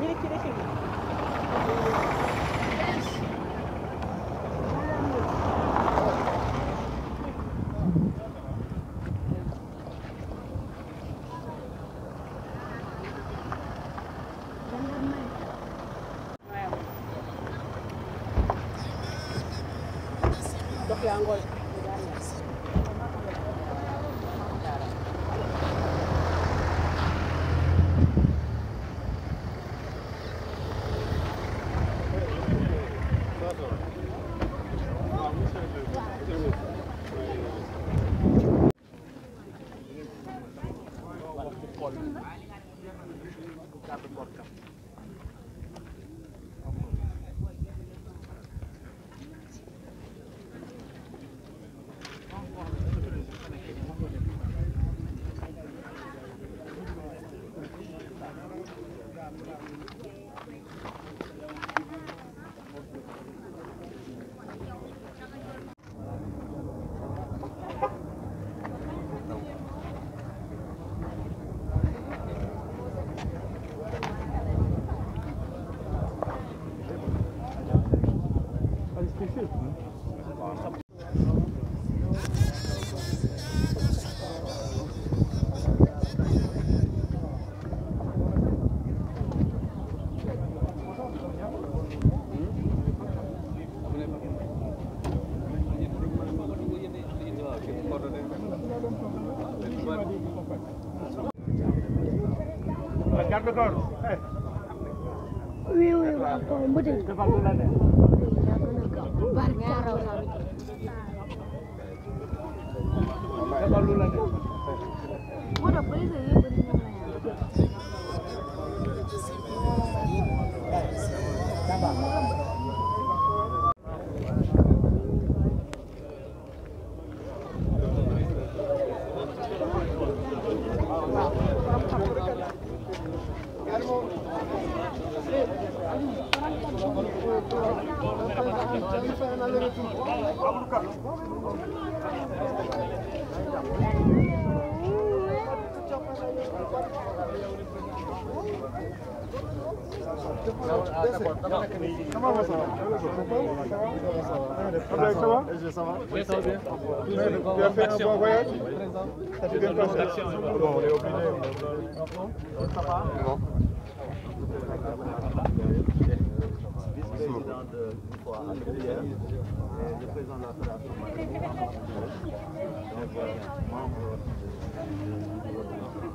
Okay, I'm going. मुझे Tu as fait un voyage va? bien Bon, on est va? Ça va Non. président de la Fédération.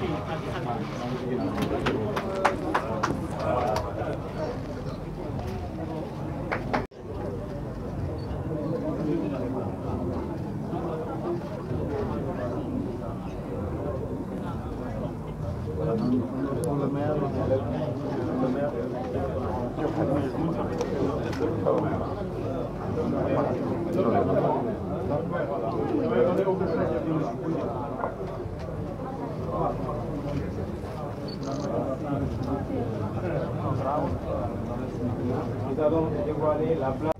Thank you. la plata.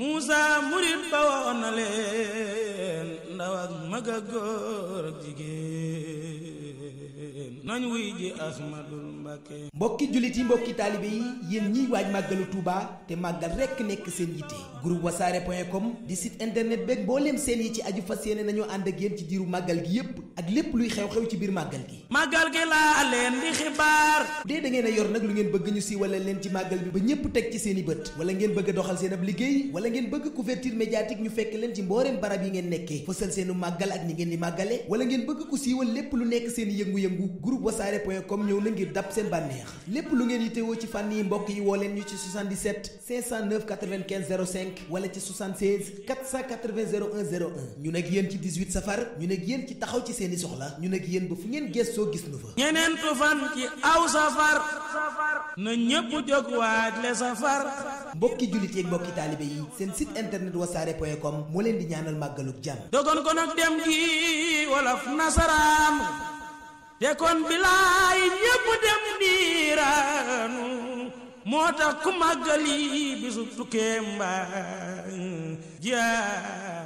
Moussa murit ba woon na leen ndaw ak mag ak góor ak nañ wuy ji Ahmadul Mbakke mbokki jullit yi mbokki taalibe yi yéen ñiy waaj màggalu Touba te màggal rekk nekk seen yitte groupe wasaare point com di site internet beeg mbooleem seen yi ci aju fas yéene nañoo ànd ak yéen ci diiru màggal gi yépp ak lépp luy xew-xew ci biir màggal gi màggal gi laa leen di xibaar dee da a yor nag lu ngeen bëgg ñu siiwale leen ci màggal bi ba ñépp teg ci seen i bët wala ngeen bëgg a doxal seen ab liggéey wala ngeen bëgg couverture médiatique ñu fekk leen ci mbooreem barab yi ngeen nekkee fësal seenu màggal ngeen di lépp lu nekk seen yëngu-yëngu groupe wasaare point com ñëw na ngir dab seen bànneex lépp lu ngeen yittewoo ci fànn yi mbokk yi woo leen ñu ci 77 509 95 05 wala ci 76 480 01 01 ñu nekk yéen ci 18 safar ñu nekk yéen ci taxaw ci seeni soxla ñu nekk yéen ba fu ngeen gëstoo gis nu fa. ñeneen fan ci aw safar na ñépp jóg waaj le safar. mbokki jullit yi mbokki taalibe yi seen site internet wasaare point com moo leen di ñaanal màggaluk jàmm. dogon ko te kon bilaay ñépp dem niiraanu moo tax ku màggali bisu tukkee mbaa